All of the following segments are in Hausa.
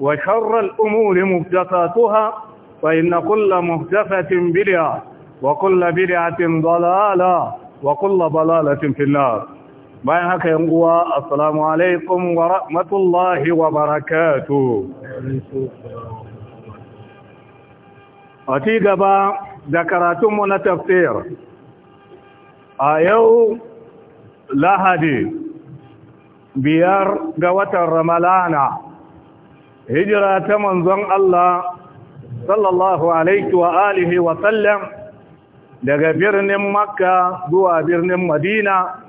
وشر الأمور مهدفاتها فإن كل مهدفة بلعة وكل بلعة ضلالة وكل ضلالة في النار بيهك ينقوى السلام عليكم ورحمة الله وبركاته أتي قبا ذكرتمنا تفسير آيو لا هدي بيار قوة الرملانة hijira ta manzon Allah sallallahu alaihi wa alihi wa sallam daga birnin makka zuwa birnin madina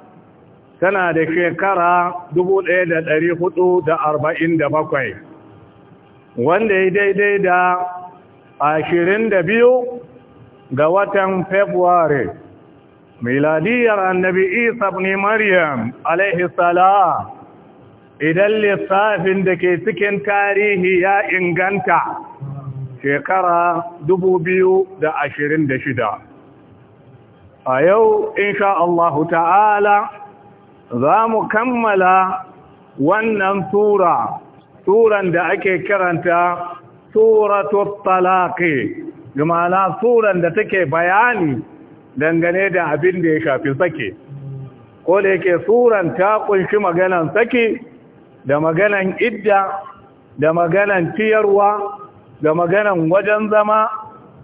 tana da shekara 1447 wanda ya daidai da 22 ga watan february miladiyar annabi isa ibn maryam alaihi salam idan lissafin da ke cikin tarihi ya inganta shekara da ashirin da shida. a yau insha allah ta'ala za mu kammala wannan tura turan da ake kiranta suratul talaqi jumala turan da take bayani dangane da abin da ya shafi sake ko da yake turan ta ƙunshi maganan sake da maganan idda da maganan tiyarwa da maganan wajen zama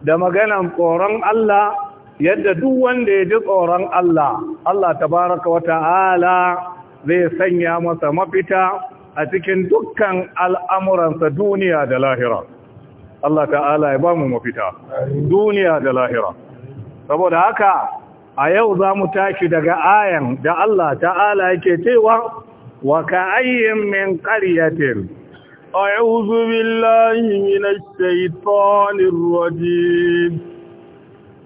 da maganan tsoron Allah yadda duk wanda ya ji tsoron Allah Allah tabaraka wa ta'ala zai sanya masa mafita a cikin dukkan al'amuransa duniya da lahira Allah ta'ala ya ba mu mafita duniya da lahira saboda haka a yau za mu tashi daga ayan da Allah ta'ala yake cewa وكأي من قرية أعوذ بالله من الشيطان الرجيم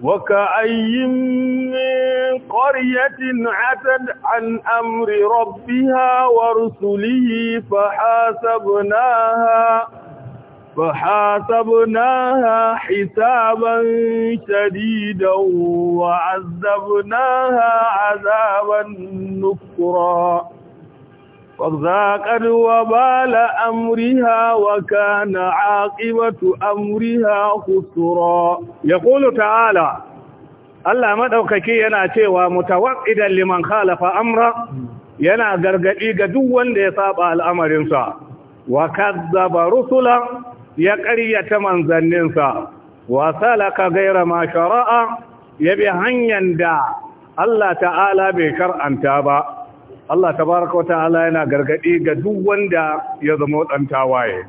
وكأي من قرية عتت عن أمر ربها ورسله فحاسبناها فحاسبناها حسابا شديدا وعذبناها عذابا نكرا فذاقت وبال أمرها وكان عاقبة أمرها خسرا يقول تعالى Allah maɗaukaki yana cewa mutawaƙidan liman kalafa amra yana gargaɗi ga duk wanda ya saba al'amarinsa, wa kazzaba rusula ya ƙaryata manzanninsa, wa salaka gaira ma shara'a ya bi hanyar da Allah ta'ala bai shar'anta ba, Allah ta tabaraka wata ta'ala yana gargadi ga duk wanda ya zama dan tawaye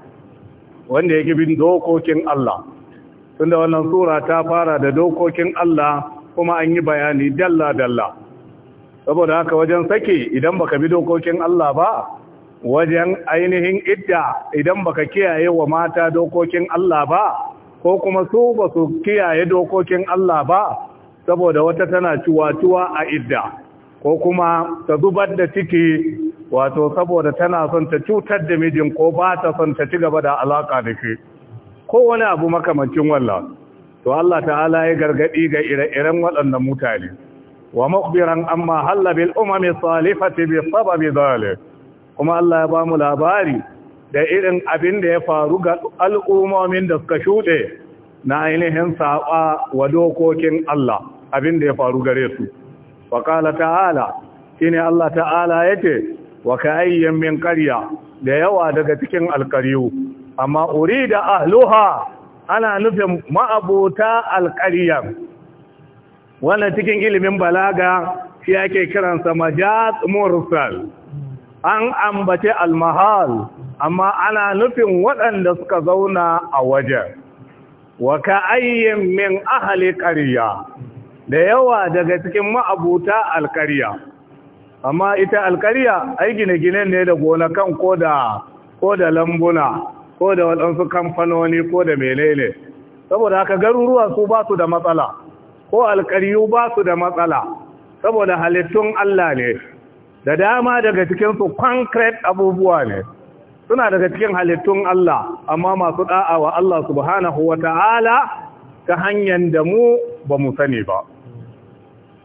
wanda yake bin dokokin Allah tunda wannan sura ta fara da dokokin Allah kuma an yi bayani dalla dalla saboda haka wajen sake idan baka bi dokokin Allah ba wajen ainihin idda idan baka kiyaye wa mata dokokin Allah ba ko kuma su ba su kiyaye dokokin Allah ba saboda wata tana ciwatuwa a idda ko kuma ta zubar da ciki wato saboda tana son ta cutar da mijin ko ba ta son ta ci gaba da alaka da shi ko wani abu makamancin walla to Allah ta'ala ya gargadi ga ire-iren waɗannan mutane wa mukhbiran amma halla bil umami salifati bi sababi zalik kuma Allah ya ba mu labari da irin abin da ya faru ga al'ummomin da suka shuɗe na ainihin saɓa wa dokokin Allah abin da ya faru gare su wa qala ta'ala ne Allah ta'ala ce wa ayyan min ƙarya da yawa daga cikin alqariyu amma uri da ahluha ana nufin ma'abota alqariya wannan cikin ilimin balaga shi ake kiransa majaz mursal an ambace almahal amma ana nufin waɗanda suka zauna a wajen wa ayyan min ahli da yawa daga cikin ma'abuta alkariya amma ita alkariya ai gine-gine ne da gonakan ko da ko da lambuna ko da waɗansu kamfanoni ko da menene saboda haka garuruwa su ba su da matsala ko alkariyu ba su da matsala saboda halittun Allah ne da dama daga cikinsu concrete abubuwa ne suna daga cikin halittun Allah amma masu ɗa'a wa Allah subhanahu wa ta'ala ta hanyar da mu ba mu sani ba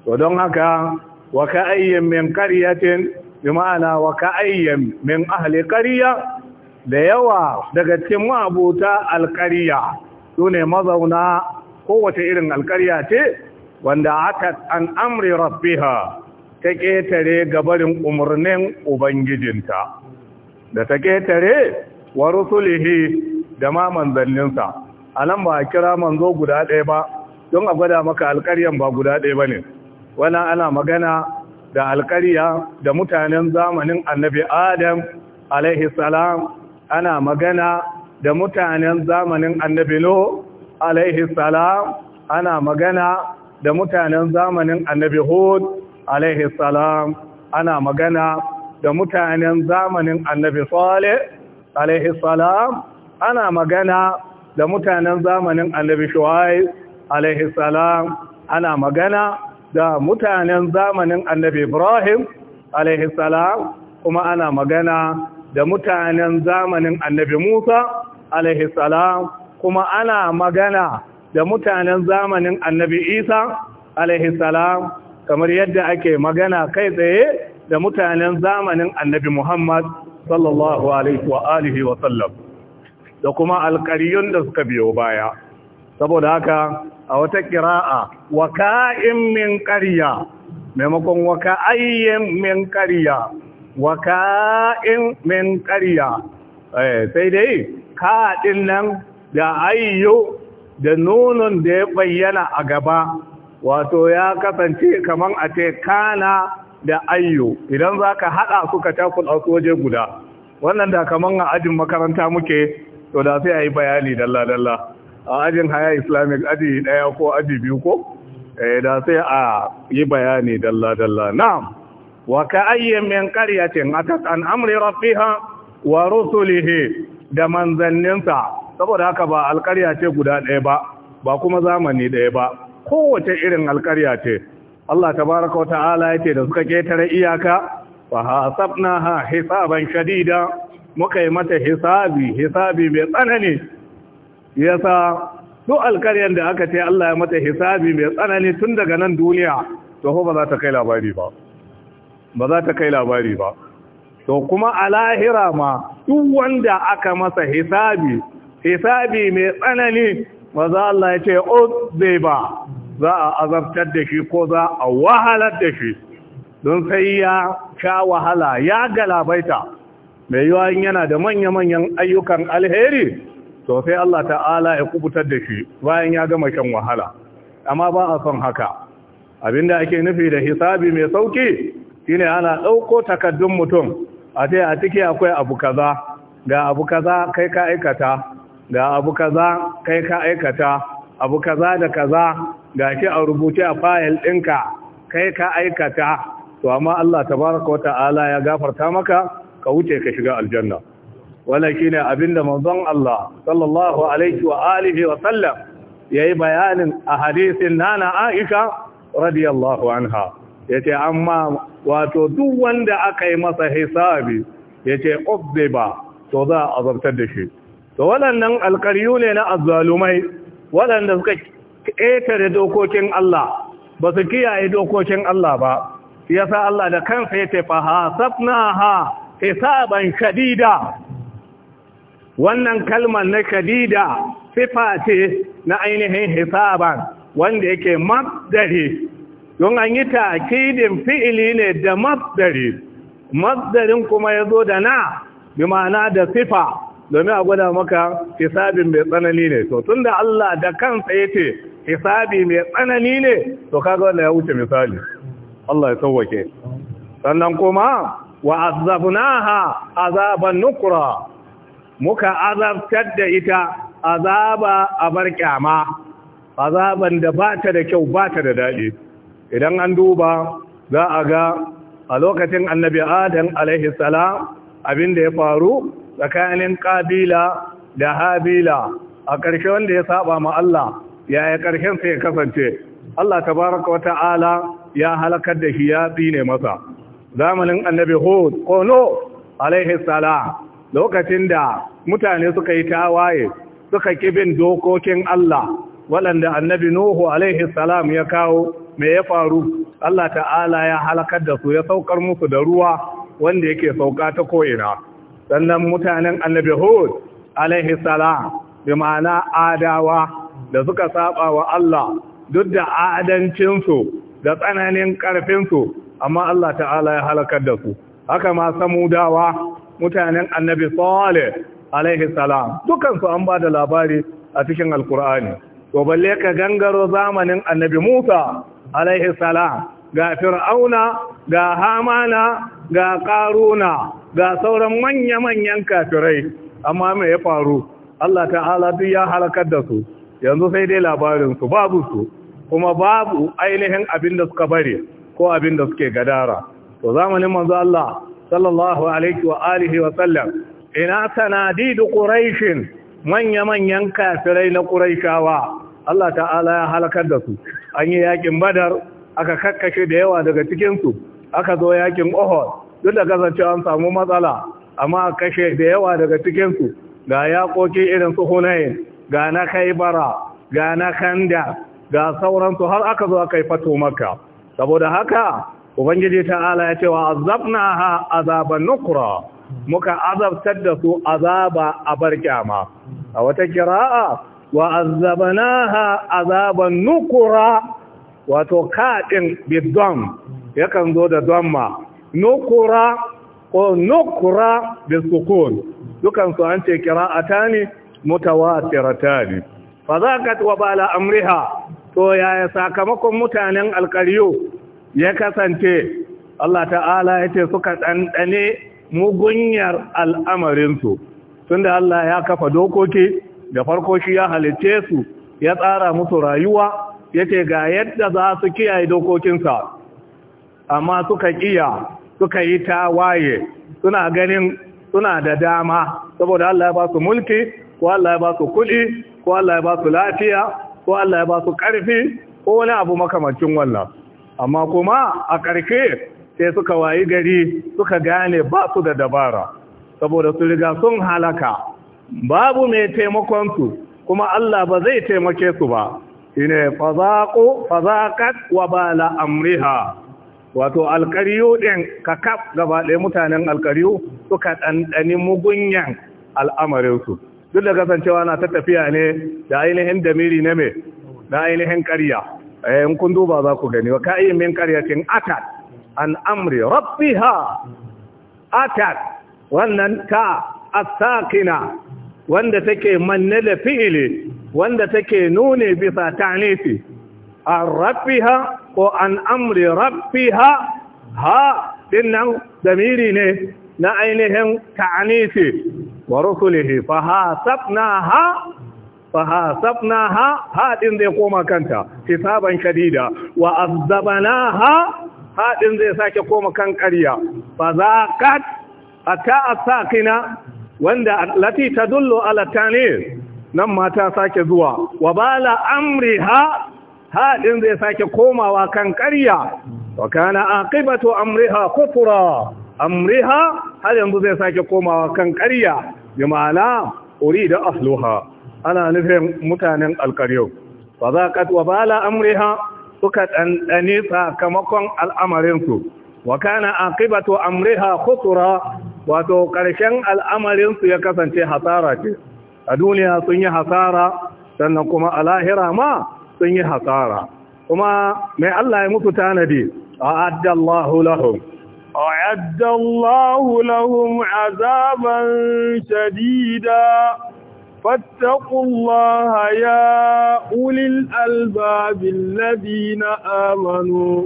to haka wa ka ayyan min qaryatin bi ma'ana wa ka ayyan min ahli kariya. da yawa daga cikin ma'abuta su sune mazauna kowace irin alqarya ce wanda aka an amri rabbiha ta ƙetare gabarin umarnin ubangijinta da ta ƙetare wa rusulihi da ma manzanninsa a nan ba a kira manzo guda ɗaya ba don a gwada maka alkaryan ba guda ɗaya ba ne wannan ana magana da alkarya da mutanen zamanin annabi adam alaihi salam ana magana da mutanen zamanin annabi lo alaihi salam ana magana da mutanen zamanin annabi hud alaihi salam ana magana da mutanen zamanin annabi salih alaihi salam ana magana da mutanen zamanin annabi shuwaib alaihi salam ana magana da mutanen zamanin annabi ibrahim alaihi salam kuma ana magana da mutanen zamanin annabi musa alaihi salam kuma ana magana da mutanen zamanin annabi isa alaihi salam kamar yadda ake magana kai tsaye da mutanen zamanin annabi muhammad sallallahu alaihi wa alihi wa sallam da kuma alƙariyun da suka biyo baya saboda haka a wata ƙira'a wa ka'in min ƙarya maimakon wa ka'ayyin min ƙarya wa ka'in min ƙarya eh, sai dai ka'aɗin nan da ayyo da nunun da ya bayyana a gaba wato ya kasance kamar a ce kana da ayyu idan za ka haɗa suka takul a waje guda wannan da kamar a ajin makaranta muke to da sai a yi bayani dalla-dalla a ajin haya islamic aji daya ko aji biyu ko eh, da sai a yi bayani dalla-dalla Na wa ka ayyin min qaryatin atat an amri rafiha wa rusulihi da manzanninsa saboda haka ba alƙarya ce guda ɗaya ba ba kuma zamani ɗaya ba kowace irin alƙarya ce Allah tabaraka wa ta'ala yake da suka ketare iyaka fa hasabnaha hisaban shadida muka yi mata hisabi hisabi mai tsanani Ya sa duk alkaryar da aka ce Allah ya mata hisabi mai tsanani tun daga nan duniya to ba za ta kai labari ba ba za ta kai labari ba to kuma a lahira ma duk wanda aka masa hisabi hisabi mai tsanani ba za Allah ya ce zai ba za a azabtar da shi ko za a wahalar da shi don sai ya sha wahala ya galabaita mai yiwa in yana da manya-manyan ayyukan alheri to sai Allah ta'ala ya kubutar da shi bayan ya gama shan wahala amma ba a son haka abinda ake nufi da hisabi mai sauki shine ana ɗauko takaddun mutum a ce a ciki akwai abu kaza ga abu kaza kai ka aikata ga abu kaza kai ka aikata abu kaza da kaza ga shi a rubuce a fayil ɗinka kai ka aikata to amma Allah tabaraka wa ta'ala ya gafarta maka ka wuce ka shiga aljanna wala shine abinda manzon Allah sallallahu alaihi wa alihi wa sallam yayi bayanin a hadisin nana Aisha radiyallahu anha yace amma wato duk wanda aka yi masa hisabi yace uziba to za a zartar da shi to waɗannan alƙaryu ne na azzalumai waɗanda suka ƙetare dokokin Allah ba su kiyaye dokokin Allah ba yasa Allah da kansa yace fa hasabna ha isaban shadida wannan kalmar na shadida sifa ce na ainihin hisaban wanda yake masdari don an yi takidin fi'ili ne da masdari masdarin kuma ya zo da na bi ma'ana da sifa domin a gwada maka hisabin mai tsanani ne to tun da Allah da kansa ya ce hisabi mai tsanani ne to kaga wanda ya wuce misali Allah ya sauwake sannan kuma wa azabnaha azaban nukura muka azabtar da ita azaba a bar kyama azaban da ba ta da kyau ba ta da daɗi idan an duba za a ga a lokacin annabi adam alaihi salam abin da ya faru tsakanin kabila da habila a ƙarshe wanda ya saba ma Allah yaya ƙarshen sai ya kasance Allah tabaraka wa ta'ala ya halakar da shi ya tsine masa zamanin annabi hud kono alaihi sala lokacin da mutane suka yi tawaye suka kibin dokokin Allah waɗanda annabi Nuhu alaihi salam ya kawo me ya faru Allah ta'ala ya halakar da su ya saukar musu da ruwa wanda yake sauka ta ko'ina sannan mutanen annabi Hud alaihi salam bi ma'ana adawa da suka saba wa Allah duk da adancinsu da tsananin ƙarfinsu amma Allah ta'ala ya halakar da su haka ma samudawa mutanen annabi salih alaihi salam dukansu an bada labari a cikin alkur'ani to balle ka gangaro zamanin annabi musa alaihi salam ga fir'auna ga hamana ga karuna ga sauran manya-manyan kafirai amma me ya faru Allah ta'ala duk ya halakar da su yanzu sai dai labarinsu babu su kuma babu ainihin abin da suka bari ko abin da suke gadara to zamanin manzo Allah sallallahu alaihi wa alihi wa sallam ina sanadidu quraishin manya manyan kafirai na ƙurashawa? Allah ta'ala ya halakar da su an yi yaƙin badar aka kakkashe da yawa daga cikinsu aka zo yakin ohol duk da kasance an samu matsala amma kashe da yawa daga cikinsu. ga yaƙoƙi irin su hunayin ga na kai bara ga na kanda ga sauransu har aka zo aka yi fato maka saboda haka ubangiji ta'ala ya ce wa azabna ha azaban nukura, muka azabtar da su azaba a barkyama a wata kira'a wa ha azaban nukura wato kaɗin bidon yakan zo da ma. nukura ko nukura da sukun dukansu an ce kira'ata ne mutawatirata ne fa za ka tuwa ba amriha to yaya sakamakon mutanen alkariyo ya kasance Allah ta'ala ya ce suka ɗanɗane mugunyar al'amarinsu tunda Allah ya kafa dokoki da farko shi ya halice su ya tsara musu rayuwa ya ce ga yadda za su kiyaye dokokinsa amma suka kiya suka yi tawaye suna ganin suna da dama saboda Allah ya ba su mulki ko Allah ya ba su kuɗi ko Allah ya ba su lafiya ko Allah ya ba su ƙarfi ko wani abu makamancin wannan amma kuma a ƙarshe sai suka wayi gari suka gane ba su da dabara saboda su riga sun halaka babu mai taimakonsu kuma Allah ba zai taimake su ba shine fazaqu fazaqat wa bala amriha wato alkariyu ɗin kakaf gaba ɗaya mutanen alkariyu suka ɗanɗani mugunyan al'amarinsu duk da kasancewa na ta tafiya ne da ainihin damiri na me na ainihin ƙarya in kun duba za ku gani wa ka'ayyin min ƙarya ƙaryacin atat an amri rabbiha atat wannan ka asakina wanda take manne da fi'ili wanda take nune bisa ta'nifi an rabbiha ko an amri rabbiha ha dinnan damiri ne na ainihin ta'anisi wa rusulihi fa hasabnaha fa hasabnaha hadin zai koma kanta hisaban shadida wa azabnaha hadin zai sake koma kan ƙarya fa zaqat ata asaqina wanda lati tadullu ala tanis nan mata sake zuwa wa bala amriha hadin zai sake komawa kan ƙarya wa kana aqibatu amriha kufra amriha har yanzu zai sake komawa kan ƙarya bi ma'ana uri da asluha ana nufin mutanen alƙaryo fa za ka wa bala amriha suka ɗanɗane sakamakon al'amarinsu wa kana aqibatu amriha khusra wato ƙarshen al'amarinsu ya kasance hasara ce a duniya sun yi hasara sannan kuma a lahira ma sun yi hasara kuma mai Allah ya mutu tanadi a addallahu lahum أعد الله لهم عذابا شديدا فاتقوا الله يا أولي الألباب الذين آمنوا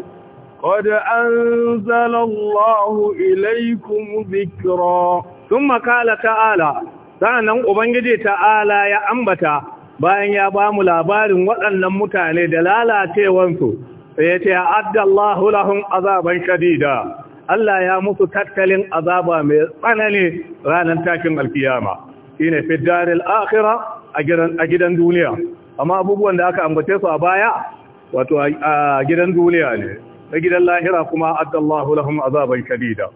قد أنزل الله إليكم ذكرا ثم قال تعالى sa'annan ubangiji ta'ala ya ambata bayan ya ba mu labarin waɗannan mutane da lalacewansu sai ya ce addallahu lahum azaban shadida Allah ya musu tattalin azaba mai tsanani ranar takin alkiyama shine fi daril akhirah a gidan duniya amma abubuwan da aka ambace su a baya wato a gidan duniya ne da gidan lahira kuma addallahu lahum azaban shadida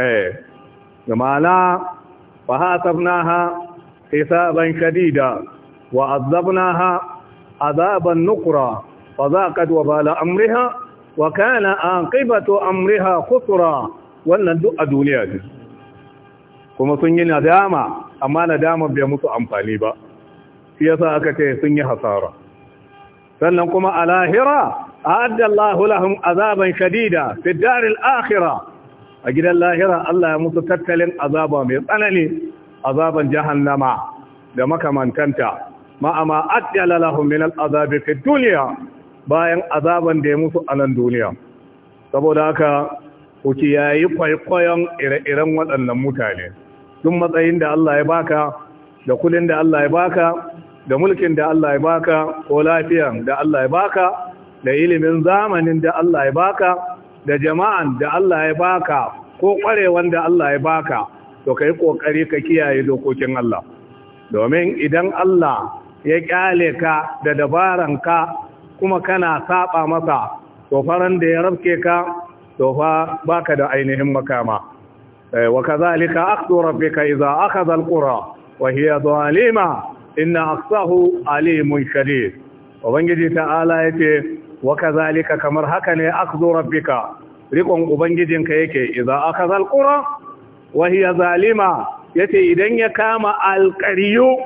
eh jama'ala fa hasabnaha hisaban shadida wa azabnaha azaban nukra fa zaqat wa bala amriha wa kana aqibatu amriha kusura wannan duk a duniya ce kuma sun yi nadama amma nadama bai musu amfani ba shi yasa aka ce sun yi hasara sannan kuma a lahira a'adda Allahu lahum azaban shadida fi daril akhirah a gidan lahira Allah ya musu tattalin azaba mai tsanani azaban jahannama da makamantanta ma'ama ajjala lahum min al'azabi fi dunya bayan azaban da ya musu a nan duniya saboda haka ku kiyayi kwaikwayon ire-iren waɗannan mutane duk matsayin da Allah ya baka da kudin da Allah ya baka da mulkin da Allah ya baka ko lafiyan da Allah ya baka da ilimin zamanin da Allah ya baka da jama'an da Allah ya baka ko ƙwarewan da Allah ya baka to kai ƙoƙari ka kiyaye dokokin Allah domin idan Allah ya ƙyale ka da dabaran ka kuma kana saba masa to da ya rabke ka to fa baka da ainihin makama eh, wa kazalika akhdhu rabbika idha akhadha alqura wa hiya zalima inna aqsahu alimun shadid ubangiji ta'ala yace wa kazalika kamar haka ne akhdhu rabbika rikon ubangijinka yake idza akhadha alqura wa hiya zalima yace idan ya kama alqariyu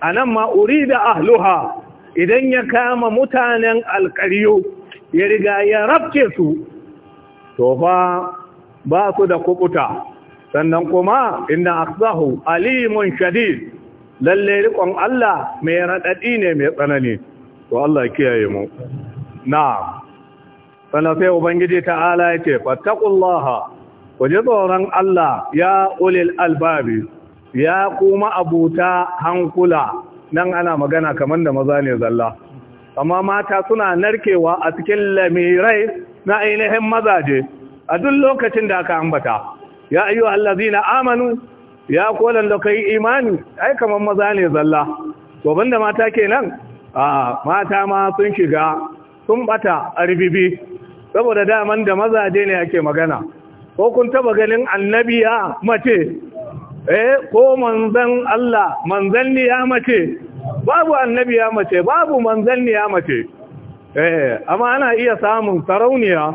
anan ma urida ahluha idan ya kama mutanen alƙariyo ya riga ya rafke su to fa ba su da kubuta sannan kuma inna asahu alimun shadid lalle rikon Allah mai radadi ne mai tsanani to Allah kiyaye mu na'am sannan sai ubangiji ta'ala yake fattaqullaha waje tsoron Allah ya ulil albabi ya kuma abuta hankula nan ana magana kamar da maza ne zalla amma mata suna narkewa a cikin lamirai na ainihin mazaje a duk lokacin da aka ambata ya ayyu allazina amanu ya kolan da kai imani ai kamar maza ne zalla to banda mata kenan a mata ma sun shiga sun bata arbibi saboda daman da mazaje ne ake magana ko kun taba ganin annabiya mace eh ko manzan Allah manzan ni ya mace babu annabi ya mace babu manzan ni ya mace eh amma ana iya samun sarauniya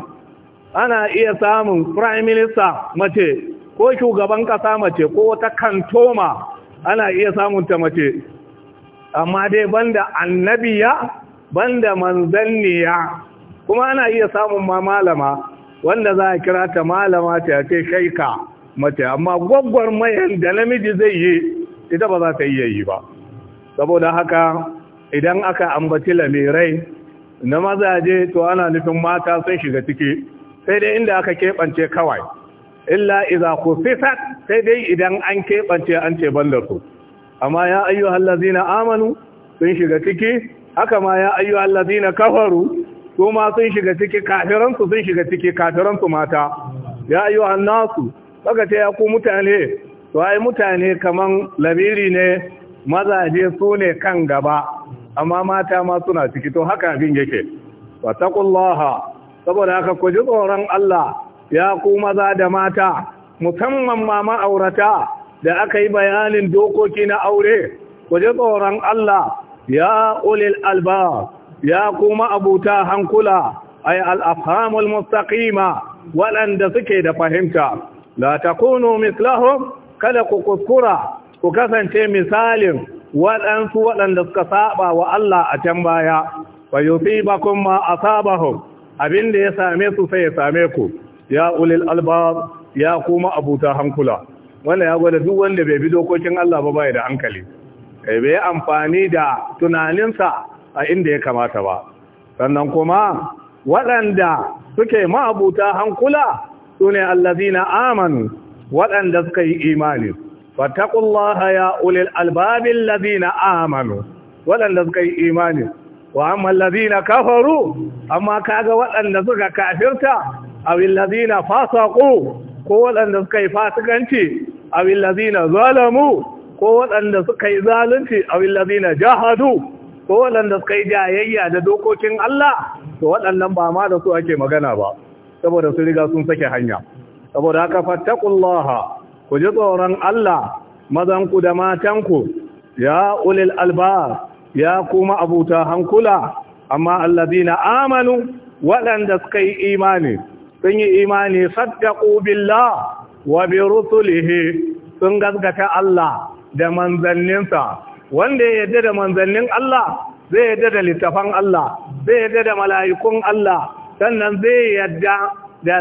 ana iya samun prime minister mace ko shugaban kasa mace ko wata kantoma ana iya samun ta mace amma dai banda annabiya banda ya kuma ana iya samun ma malama wanda za a kira ta malama ta ce shaika mace amma gwaggwar mayan da namiji zai yi ita ba za ta iya yi ba saboda haka idan aka ambaci lamirai na mazaje to ana nufin mata sun shiga ciki sai dai inda aka keɓance kawai illa iza kufisat sai dai idan an keɓance an ce ban su amma ya ayyuhal ladzina amanu sun shiga ciki haka ma ya ayyuhal ladzina kafaru su ma sun shiga ciki kafiransu sun shiga ciki kafiransu mata ya ayyuhan nasu baka ce ya ku mutane to ai mutane kaman labiri ne mazaje su ne kan gaba amma mata ma suna ciki to haka abin yake wataqullaha saboda haka ku ji tsoron Allah ya ku maza da mata musamman ma ma'aurata da aka yi bayanin dokoki na aure ku ji tsoron Allah ya ulil alba ya kuma abuta hankula ay al-afhamul mustaqima waɗanda suke da fahimta la takunu mislahum kada ku kuskura ku kasance misalin waɗansu waɗanda suka saba wa Allah a can baya fa yusibakum ma asabahum abin da ya same su sai ya same ku ya ulil albab ya kuma abuta hankula wannan ya gwada duk wanda bai bi dokokin Allah ba bai da hankali eh, bai amfani da tunaninsa a inda ya kamata ba sannan kuma waɗanda suke ma buta hankula su ne allazina amanu waɗanda suka yi imani fattakullaha ya ulil albabin lazina amanu waɗanda suka yi imani wa amma allazina kafaru amma kaga waɗanda suka kafirta awil lazina fasaƙo, ko waɗanda suka yi fasikanci awil lazina zalamu ko waɗanda suka yi zalunci awil lazina jahadu ko waɗanda suka yi jayayya da dokokin Allah to waɗannan ba ma da su ake magana ba saboda su riga sun sake hanya saboda haka fattaqullaha ku ji tsoron Allah mazanku da matanku ya ulil alba ya kuma abuta hankula amma allazina amanu waɗanda suka yi imani sun yi imani saddaqu billah wa bi rusulihi sun gaskata Allah da manzanninsa wanda ya yarda da manzannin Allah zai yarda da littafan Allah zai yarda da mala'ikun Allah sannan zai yadda da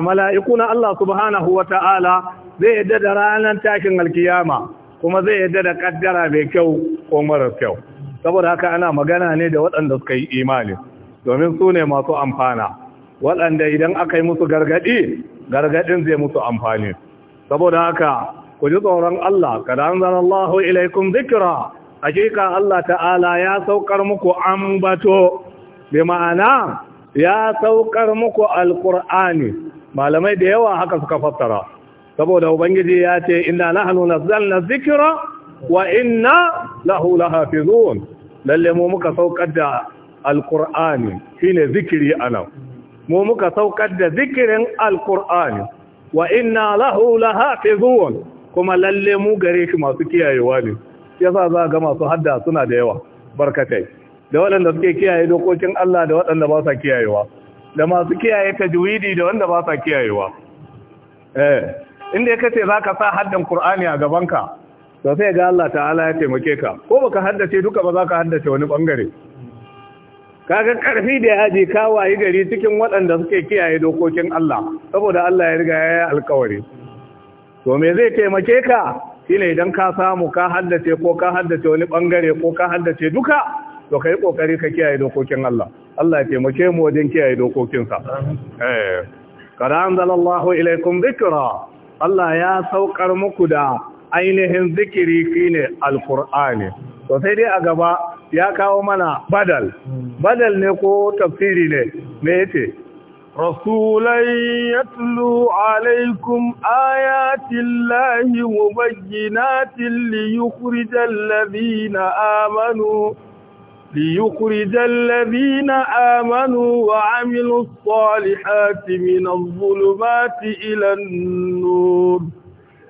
mala'iku na Allah subhanahu wa ta'ala zai yadda da ranar tashin alkiyama kuma zai yadda da ƙaddara mai kyau ko marar kyau saboda haka ana magana ne da waɗanda suka yi imani domin su ne masu amfana waɗanda idan aka yi musu gargaɗi gargaɗin zai musu amfani saboda haka ku ji tsoron Allah ka ilaikun zikira hakika Allah ta'ala ya saukar muku ambato bi ma'ana ya saukar muku alkur'ani malamai da yawa haka suka fassara saboda ubangiji ya ce inna nahnu nazzalna dhikra wa inna lahu lahafizun lalle mu muka saukar da alkur'ani shine zikiri anan mu muka saukar da zikirin alkur'ani wa inna lahu lahafizun kuma lalle mu gare shi masu kiyayewa ne yasa za ga masu hadda suna da yawa barkatai da waɗanda suke kiyaye dokokin Allah da waɗanda ba sa kiyayewa da masu kiyaye juwidi da wanda ba sa kiyayewa eh inda kace za zaka sa haddan Kur'ani a gabanka to sai ga Allah ta'ala ya taimake ka ko baka haddace duka ba za ka haddace wani bangare kaga karfi da yaji yi gari cikin waɗanda suke kiyaye dokokin Allah saboda Allah ya riga ya yi alkawari to me zai taimake ka shine idan ka samu ka haddace ko ka haddace wani bangare ko ka haddace duka to kai kokari ka kiyaye dokokin Allah Allah ya taimake mu wajen kiyaye dokokinsa eh kada anzalallahu ilaikum dhikra Allah ya saukar muku da ainihin zikiri shine alqur'ani to sai dai a gaba ya kawo mana badal badal ne ko tafsiri ne me yace رسولا يتلو عليكم آيات الله مبينات ليخرج الذين amanu. ليخرج الذين آمنوا وعملوا الصالحات من الظلمات إلى النور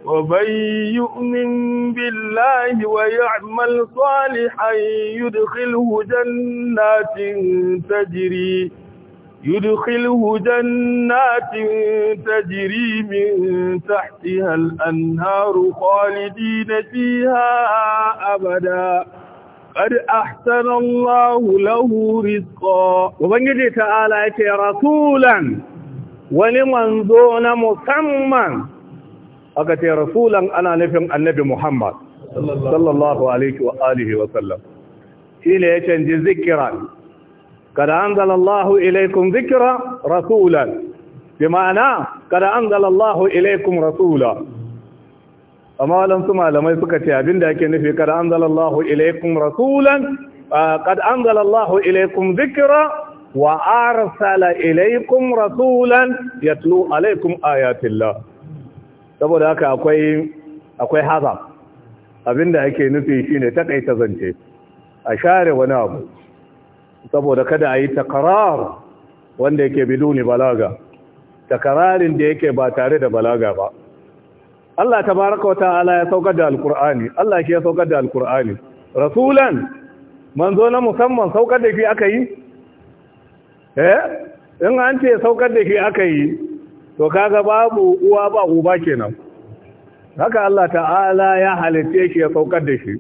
ومن يؤمن بالله ويعمل صالحا يدخله جنات تجري يدخله جنات تجري من تحتها الأنهار خالدين فيها أبداً قد أحسن الله له رزقا وبنجد تعالى يتي رسولا ولمن دون مسمى أكتي رسولا أنا نفهم النبي محمد صلى الله عليه وآله وسلم إلي يتنج ذكرا قد أنزل الله إليكم ذكرا رسولا بمعنى قد أنزل الله إليكم رسولا amma waɗansu malamai suka ce abinda ake nufi kada an zalallahu ilaikun rasulan kada an zalallahu ilaikun zikira wa arsala ilaikum rasulan yatlu alaikun ayatillah saboda haka akwai haza, haza abinda ake nufi shi shine takaita zance a share wani abu saboda kada a yi takarar wanda yake biduni balaga takararin da yake ba tare da balaga ba Allah ta baraka wa ta'ala ya saukar da alkur'ani Allah ke ya saukar da alkur'ani rasulan manzo na musamman saukar da shi aka yi eh in an ce saukar da shi aka yi to kaga babu uwa ba uba kenan haka Allah ta'ala ya halitta shi ya saukar da shi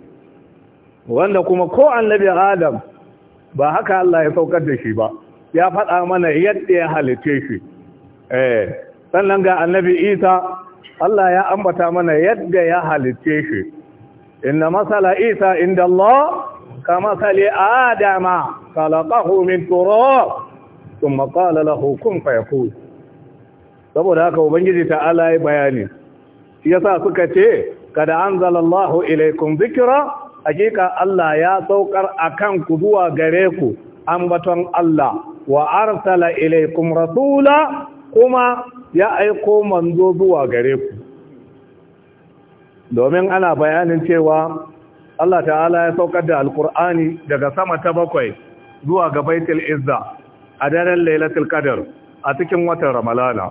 wanda kuma ko annabi adam ba haka Allah ya saukar da shi ba ya faɗa mana yadda ya halitta shi eh sannan ga annabi Isa Allah ya ambata mana yadda ya halitte shi inna masala isa inda Allah kama sali adama kalaqahu min turab thumma qala lahu kun fayakun saboda haka ubangiji ta'ala ya bayani shi yasa suka ce kada anzala Allahu ilaykum dhikra hakika Allah ya saukar akan ku zuwa gare ku ambaton Allah wa arsala ilaykum rasula kuma ya aiko manzo zuwa gare ku domin ana bayanin cewa Allah ta'ala ya saukar da alkur'ani daga sama ta bakwai zuwa ga baitul izza a daren lailatul qadr a cikin watan ramalana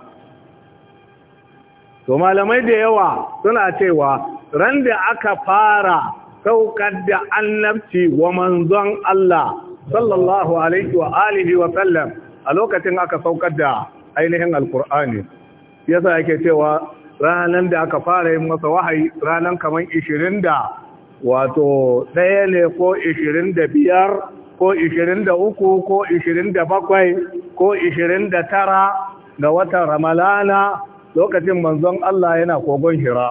to malamai da yawa suna cewa ran da aka fara saukar da annabci wa manzon Allah sallallahu alaihi wa alihi wa sallam a lokacin aka saukar da ainihin alkur'ani yasa yake cewa ranar da aka fara yin masa wahayi ranar kamar ishirin da wato ɗaya ne ko ishirin da biyar, ko ishirin da uku, ko ishirin da bakwai, ko ishirin da tara. Ga watan ramalana lokacin manzon Allah yana kogon hira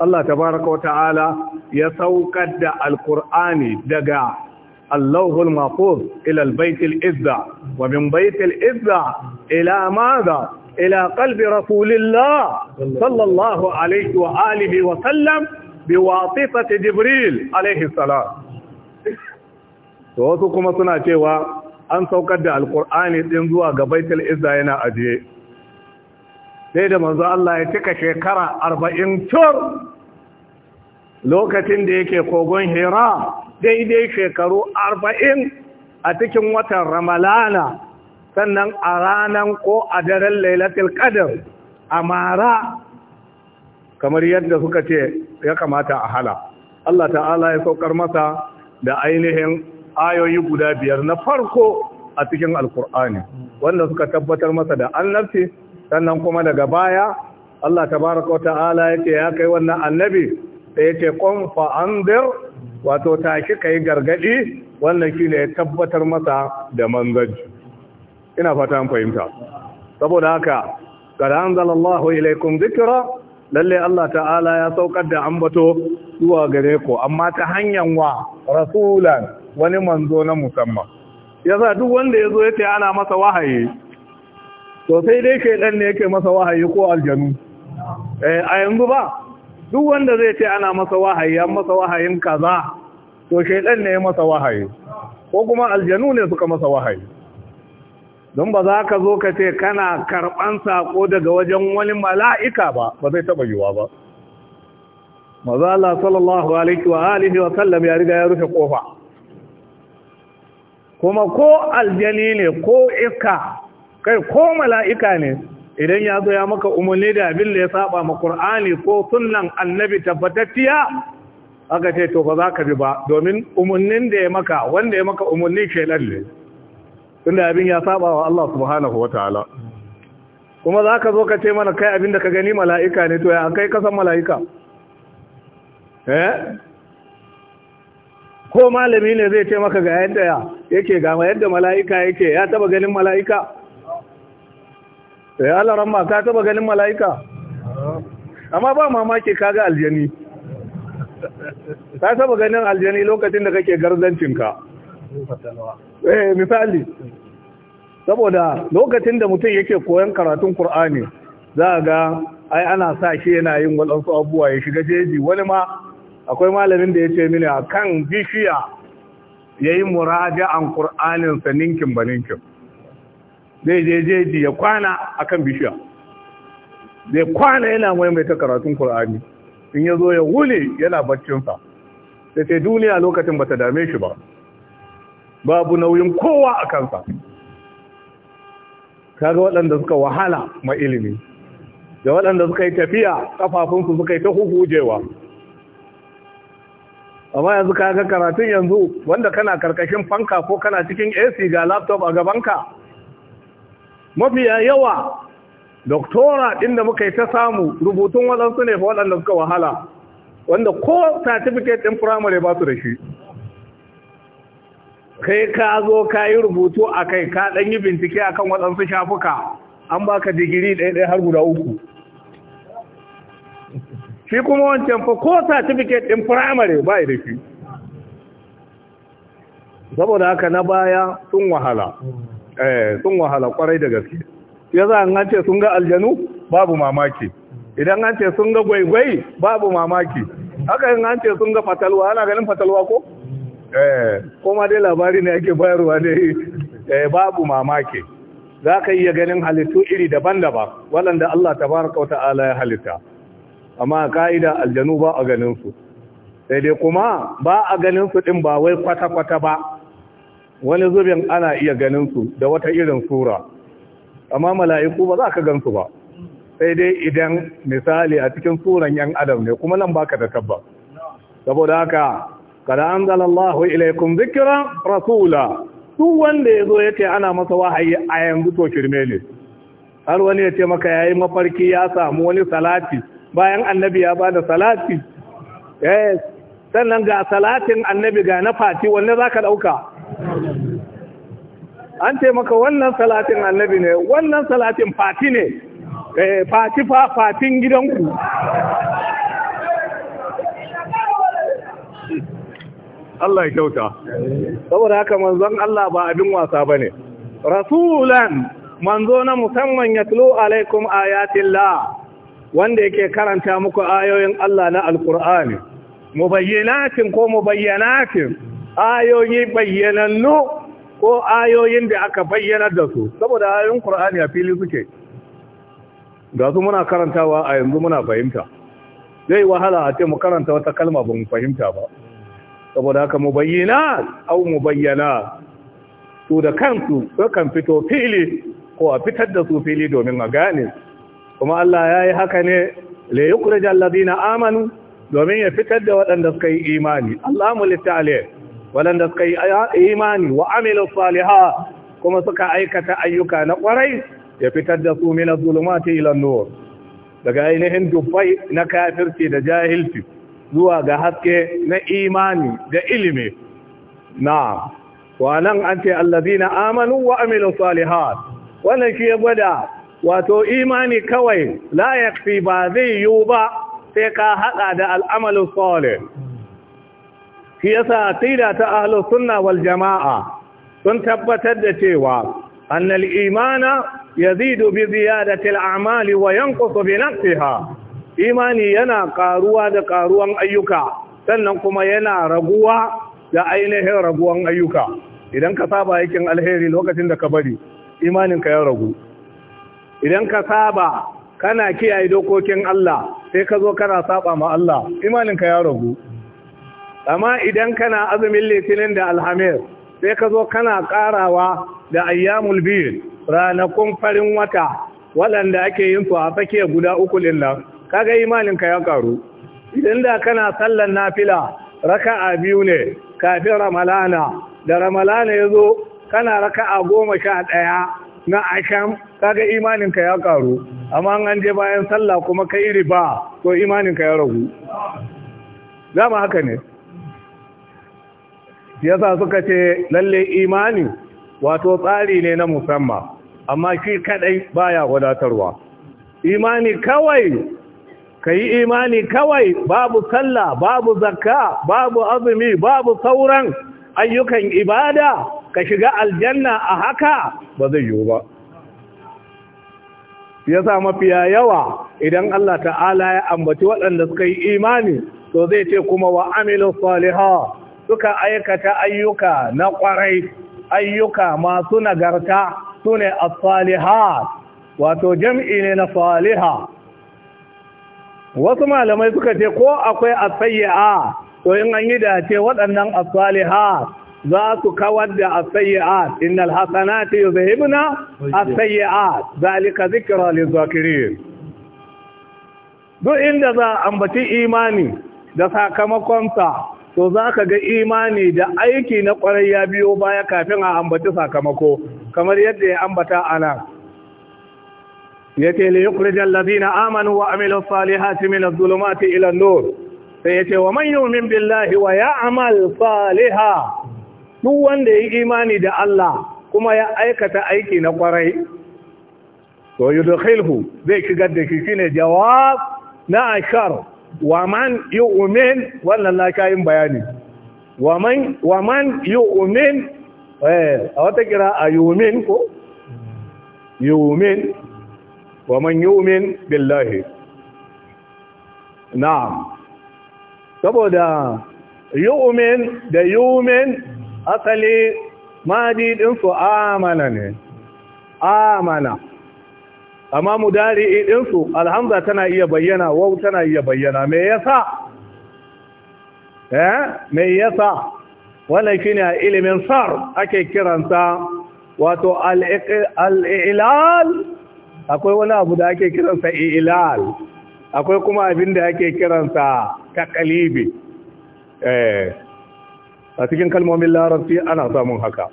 Allah tabaraka wa ta'ala ya saukar da alkur'ani daga اللوح المحفوظ الى البيت الاذع ومن بيت الاذع الى ماذا الى قلب رسول الله صلى الله عليه واله وسلم بواسطه جبريل عليه السلام صوتكم سنا cewa an saukar da alqur'ani din zuwa ga baitul izza yana aje sai da manzo Allah ya tuka shekara 40 tur lokacin daidai shekaru arba'in a cikin watan ramalana sannan a ranar ko a daren lailatul qadr a mara kamar yadda suka ce ya kamata a hala Allah ta'ala ya saukar masa da ainihin ayoyi guda biyar na farko a cikin alkur'ani wanda suka tabbatar masa da annabci sannan kuma daga baya Allah tabaraka ta'ala yake ya kai wannan annabi da yake qum fa wato tashi ka yi gargaɗi wannan shi ne tabbatar masa da manzanci ina fata fahimta saboda haka kada an zalallahu ilaikun zikira lalle Allah ta'ala ya saukar da ambato zuwa gare ku amma ta hanyar wa rasulan wani manzo na musamman yasa duk wanda yazo zo ya ce ana masa wahayi to sai dai shaidan ne yake masa wahayi ko aljanu eh, a yanzu ba duk wanda zai ce ana masa wahayi an masa wahayin kaza to shaidan ne ya masa wahayi ko kuma aljanu ne suka masa wahayi don ba za ka zo ka ce kana karɓan saƙo daga wajen wani mala'ika ba ba zai taɓa yiwa ba maza Allah sallallahu alaihi wa alihi wa sallam ya riga ya rufe kofa kuma ko aljani ne ko iska kai ko mala'ika ne idan ya zo ya maka umarni da abin da ya saba ma Qur'ani ko sunnan annabi tabbatacciya aka ce to ba za ka bi ba domin umarnin da ya maka wanda ya maka umarni ke lalle tunda abin ya saba wa Allah subhanahu wataala kuma za ka zo ka ce mana kai abin da ka gani mala'ika ne to ya kai kasan mala'ika eh? ko malami ne zai ce maka ga yadda yake ga yadda mala'ika yake ya taba ganin mala'ika sai eh, alaran ma ka taba ganin mala'ika amma ba mamaki kaga aljani ka taba ganin aljani lokacin da kake garzancinka eh misali saboda lokacin da mutum yake koyon karatun Kur'ani za ga ai ana sa shi yana yin waɗansu abubuwa ya shiga jeji wani ma akwai malamin da ya ce mini a kan bishiya ya yi ƙur'anin sa ninkin ba ninkin zai je jeji ya kwana a kan bishiya zai kwana yana maimaita karatun Kur'ani in ya zo ya wule yana baccinsa sai sai duniya lokacin ba ta dame shi ba babu nauyin kowa a kansa kaga waɗanda suka wahala ma ilimi da waɗanda suka yi tafiya kafafunsu suka yi ta huhujewa amma yanzu kaga karatun yanzu wanda kana karkashin fanka ko kana cikin AC ga laptop a gabanka mafiya yawa doktora ɗin da muka yi ta samu rubutun waɗansu ne fa waɗanda suka wahala wanda ko certificate ɗin firamare ba su da shi kai ka zo ka yi rubutu a kai ka ɗan yi bincike a kan waɗansu shafuka an baka digiri ɗaya-ɗaya har guda uku shi kuma wancan fa ko certificate ɗin firamare ba da shi saboda haka na baya sun wahala eh sun wahala kwarai da gaske za an ce sun ga aljanu babu mamaki idan an ce sun ga gwaigwai babu mamaki haka yin an ce sun ga fatalwa ana ganin fatalwa ko eh kuma dai labari ne ake bayarwa ne eh babu mamaki za ka iya ganin halittu iri daban-daban waɗanda Allah ta fara kauta ala ya halitta amma ka'ida aljanu ba a ganin su sai kuma ba a ganin su ɗin ba wai kwata-kwata ba wani zubin ana iya ganin su da wata irin sura amma mala'iku ba za ka gansu ba sai dai idan misali a cikin suran yan adam ne kuma nan baka da tabba saboda haka kada anzalallahu ilaikum zikra rasula duk wanda ya yazo yace ana masa wahayi a yanzu to shirme ne har wani yace maka yayi mafarki ya samu wani salati bayan annabi ya bada salati eh sannan ga salatin annabi ga na fati wanne zaka dauka an ce maka wannan salatin annabi ne wannan salatin fati ne eh, fati fa fatin gidanku Allah ya kyauta saboda haka manzon Allah ba abin wasa bane rasulan manzo na musamman ya yatlu alaikum ayatillah wanda yake karanta muku ayoyin Allah na alqur'ani mubayyinatin ko mubayyanatin ayoyi bayyanannu ko ayoyin da aka bayyana da su saboda ayoyin Qur'ani a fili suke ga su muna karantawa a yanzu muna fahimta zai wahala a ce mu karanta wata kalma ba mu fahimta ba saboda haka mu bayyana au mu bayyana su da kansu sukan fito fili ko a fitar da su fili domin a gane kuma Allah ya yi haka ne le yukurja ladina amanu domin ya fitar da waɗanda suka yi imani Allah mu littale waɗanda suka yi imani wa amilu saliha kuma suka aikata ayyuka na kwarai ya fitar da su mina zulumati ilan nuwar daga ainihin dubbai na kafirci da jahilci zuwa ga haske na imani da ilimi na wanan an ce allazina amanu wa amilu saliha wannan shi ya gwada wato imani kawai la fi ba zai yiwu ba sai ka haɗa da al'amalu salih shi yasa aqida ta ahlus sunna wal jamaa sun tabbatar da cewa annal imana yazidu bi ziyadati al a'mali wa yanqusu bi naqsiha imani yana karuwa da karuwan ayyuka sannan kuma yana raguwa da ainihin raguwan ayyuka idan ka saba aikin alheri lokacin da ka bari imaninka ya ragu idan ka saba kana kiyaye dokokin Allah sai ka zo kana saba ma Allah imaninka ya ragu amma idan kana azumin litinin da alhamis sai ka zo kana karawa da ayyamul biyu ranakun farin wata waɗanda ake yin su a fake guda uku ɗin nan kaga imaninka ya karu idan da kana sallan nafila raka'a biyu ne kafin ramalana da ramalana ya zo kana raka'a goma sha ɗaya na asham kaga imaninka ya karu amma an je bayan sallah kuma ka yi riba to imaninka ya ragu dama haka ne Siyasa suka ce lalle imani wato tsari ne na musamman amma shi kadai baya wadatarwa imani kawai ka yi imani kawai babu sallah babu zakka babu azumi babu sauran ayyukan ibada ka shiga aljanna a haka ba zai yiwu ba yasa mafiya yawa idan Allah ta'ala ya ambaci waɗanda suka yi imani to zai ce kuma wa amilu salihah suka aikata ayyuka na ƙwarai ayyuka masu nagarta sune a wato jam'i ne na saliha wasu malamai suka ce ko akwai as-sayyi'a to in an yi dace waɗannan a salihat za su kawar da as yi zai hasanati a tsaye a zalika zikra zakiri duk inda za a ambaci imani da sakamakonsa to za ka ga imani da aiki na ƙwarai ya biyo baya kafin a ambata sakamako kamar yadda ya ambata ana ya ce li yukhrijal ladina amanu wa amilu salihati min adh-dhulumati ila an-nur sai ya ce wa man yu'min billahi wa ya'mal saliha duk wanda ya imani da Allah kuma ya aikata aiki na ƙwarai to yudkhilhu zai shigar da shi shine jawab na shar wa man yu'min wannan na kayan bayani wa man wa man yu'min eh a wata kira a yu'min ko yu'min wa man yu'min billahi na'am saboda yu'min da yu'min asali madi din su amana ne amana amma mudari ɗinsu alhamza tana iya bayyana wau tana iya bayyana me yasa eh me yasa wannan shine ilimin sar ake kiransa wato al-ilal akwai wani abu da ake kiransa ilal akwai kuma abin da ake kiransa takalibi eh a cikin kalmomin larabci ana samun haka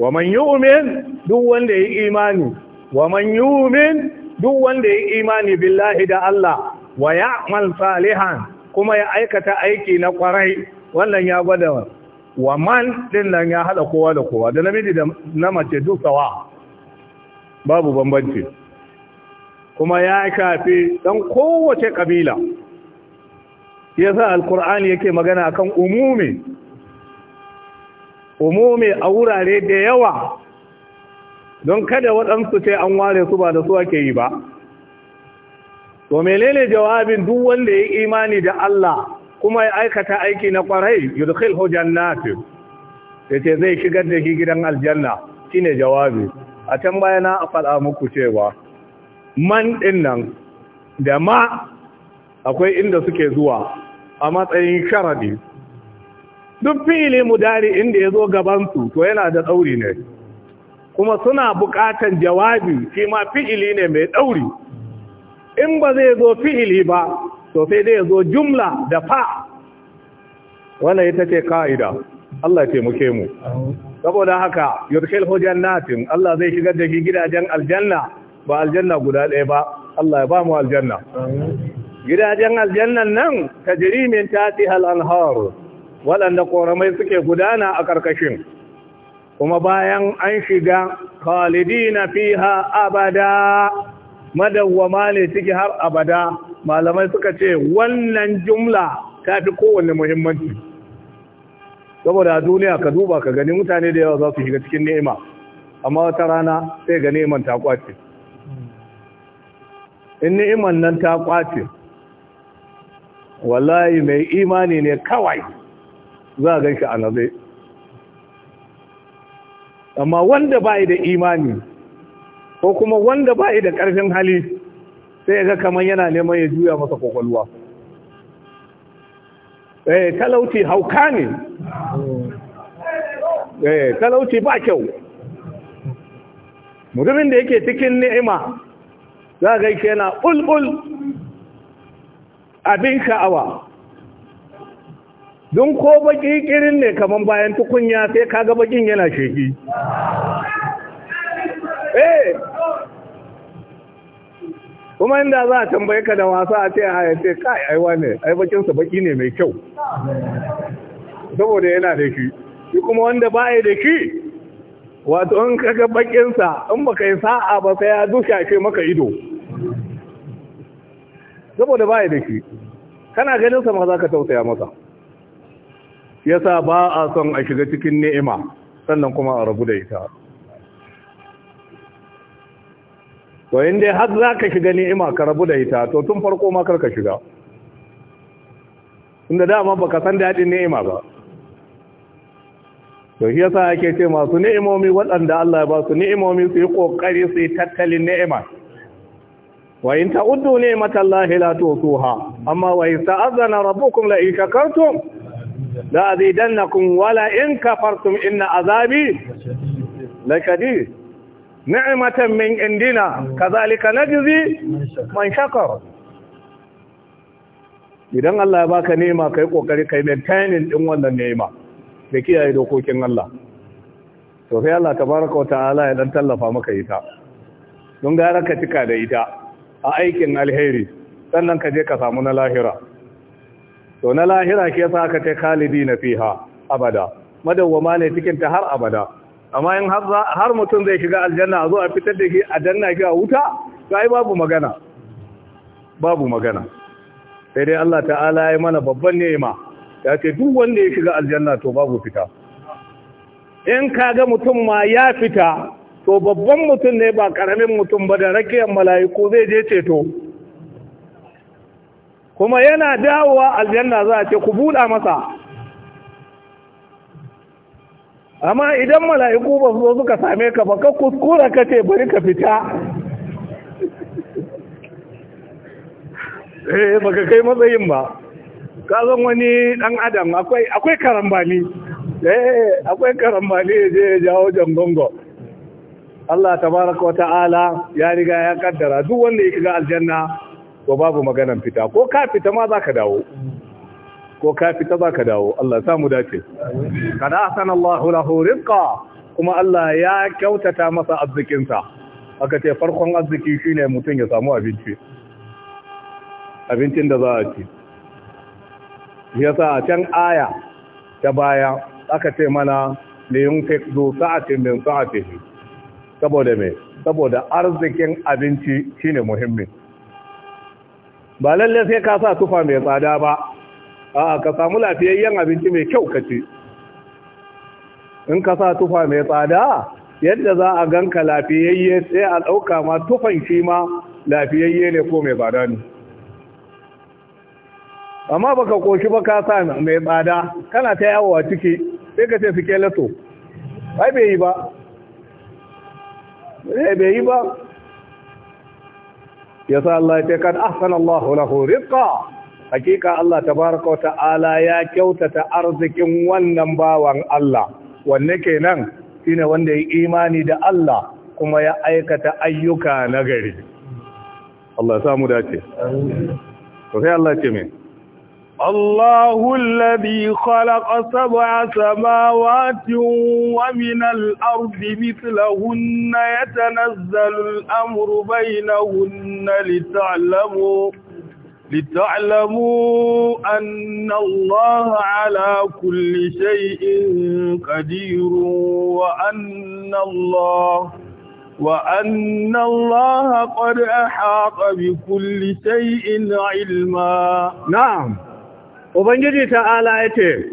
wa man yu'min duk wanda ya imani wa man yu'min duk wanda ya imani billahi da Allah wa ya'mal salihan kuma ya aikata aiki na kwarai wannan ya gwada wa man din nan ya hada kowa da kowa da namiji da na mace duk sawa babu bambanci kuma ya kafi dan kowace kabila yasa alkur'ani yake magana akan umumi umumi a wurare da yawa don kada waɗansu ce an ware su ba da su ake yi ba to menene jawabin duk wanda ya imani da Allah kuma ya aikata aiki na kwarai yudkhilhu jannatin ce zai shigar da shi gidan aljanna shine jawabi a can baya na faɗa muku cewa man ɗin nan da ma akwai inda suke zuwa a matsayin sharadi duk fili mudari inda ya zo gabansu to yana da tsauri ne kuma suna buƙatan jawabi shi ma fi'ili ne mai ɗauri in ba zai zo fi'ili ba to sai dai zo jumla da fa wannan ita ce ka'ida Allah ce muke mu saboda haka yurkil hujannatin Allah zai shigar da gidajen aljanna ba aljanna guda ɗaya ba Allah ya ba mu aljanna gidajen aljannan nan ta tajrimin tati hal anhar waɗanda ƙoramai suke gudana a ƙarƙashin kuma bayan an shiga khalidina fiha abada madawwama ne ciki har abada malamai suka ce wannan jumla ta fi kowanne muhimmanci saboda duniya ka duba ka gani mutane da yawa za su shiga cikin ni'ima amma wata rana sai ga ni'iman ta kwace in ni'iman nan ta kwace wallahi mai imani ne kawai za a gan shi a nazai amma wanda bai da imani ko kuma wanda bai da ƙarfin hali sai ga kamar yana neman ya juya masa kwakwalwa eh talauci hauka ne eh talauci ba kyau mutumin da yake cikin ni'ima za ga yake yana bulbul abin sha'awa don ko baki kirin ne kaman bayan tukunya sai kaga bakin yana sheki eh kuma inda za a tambaye ka da wasa a ce a ce kai ai wane ai bakin sa baki ne mai kyau saboda yana da shi shi kuma wanda ba ya da shi wato in kaga bakin sa in baka yi sa'a ba sai ya ce maka ido saboda ba ya da shi kana ganin sa ma za ka tausaya masa yasa ba a son a shiga cikin ni'ima sannan kuma a rabu da ita to inda har za ka shiga ni'ima ka rabu da ita to tun farko ma kar ka shiga inda dama baka san daɗin ni'ima ba to shi yasa ake ce masu ni'imomi waɗanda Allah ya ba su ni'imomi su yi kokari su yi tattalin ni'ima wa in ta'uddu ni'matallahi la tusuha amma wa in ta'azzana rabbukum la in shakartum la azidannakum wala in kafartum inna azabi lakadir ni'matan min indina kazalika najzi man shakara idan Allah ya baka nema kai kokari kai maintaining din wannan nema da kiyaye dokokin Allah to sai Allah tabaraka wa ta'ala ya dan tallafa maka ita don gara ka cika da ita a aikin alheri sannan ka je ka samu na lahira to na lahira ke sa aka ce Kalibi na fiha abada madawwama ne cikin ta har abada amma in har har mutum zai shiga aljanna a zo a fitar da shi a danna shi a wuta to ai babu magana babu magana sai dai Allah ta'ala ya mana babban ne'ima ya ce duk wanda ya shiga aljanna to babu fita in kaga mutum ma ya fita to babban mutum ne ba karamin mutum ba da rakiyar mala'iku zai je ceto kuma yana dawowa aljanna za a ce ku buɗa masa amma idan mala'iku ba su zo suka same ka ba ka kuskura ka ce bari ka fita eh ka kai matsayin ba ka zan wani dan adam akwai akwai karambani eh akwai karambani je ya jawo jangongo Allah tabaraka wa ta'ala ya riga ya kaddara duk wanda ya ga aljanna ko babu maganan fita ko ka fita ma za ka dawo ko ka fita za ka dawo Allah ya samu dace kada sanallahu lahu rizqa kuma Allah ya kyautata masa arzikinsa aka ce farkon arziki shine mutum ya samu abinci abincin da za a ci yasa sa can aya ta baya aka ce mana liyun zo sa'atin min sa'atihi saboda me saboda arzikin abinci shine muhimmi ba lalle sai ka sa tufa mai tsada ba a ka samu lafiyayyen abinci mai kyau ka ci in ka sa tufa mai tsada yadda za a ganka lafiyayye sai a ɗauka ma tufan shi ma lafiyayye ne ko mai tsada ne amma baka koshi ba ka sa mai tsada kana ta yawo a ciki sai ka ce su ke ai yi ba bai yi ba eh, yasa Allah ya ce kad ahsana lahu rizqa hakika Allah tabaraka wa ta'ala ya kyautata arzikin wannan bawan Allah wanne kenan shine wanda ya imani da Allah kuma ya aikata ayyuka nagari Allah ya samu dace to sai Allah ya ce mai الله الذي خلق سبع سماوات ومن الأرض مثلهن يتنزل الأمر بينهن لتعلموا لتعلموا أن الله على كل شيء قدير وأن الله وأن الله قد أحاط بكل شيء علما نعم ubangiji ta'ala ya ce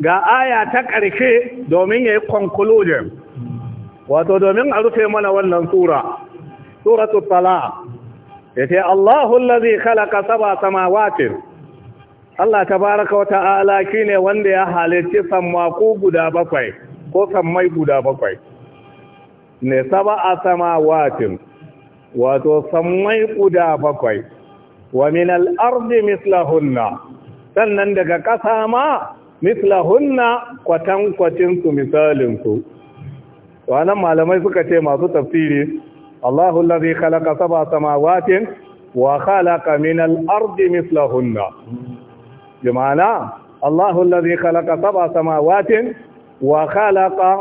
ga aya ta ƙarshe domin ya yi conclusion wato domin a rufe mana wannan tura tura tuttala, ya ce allahun lazi kalaka saba sama samawatin Allah ta baraka wata ala shi ne wanda ya halarci ko guda bakwai ko sammai guda bakwai ne saba a sama samawatin wato sammai guda bakwai wa min al’arzi mislahunna sannan daga ƙasa ma mislahunna kwatankwacinsu misalinsu wannan malamai suka ce masu tafsiri Allahu allazi khalaqa sab'a samawatin wa khalaqa min al-ardi mislahunna bima'ana Allahu allazi khalaqa sab'a samawatin wa khalaqa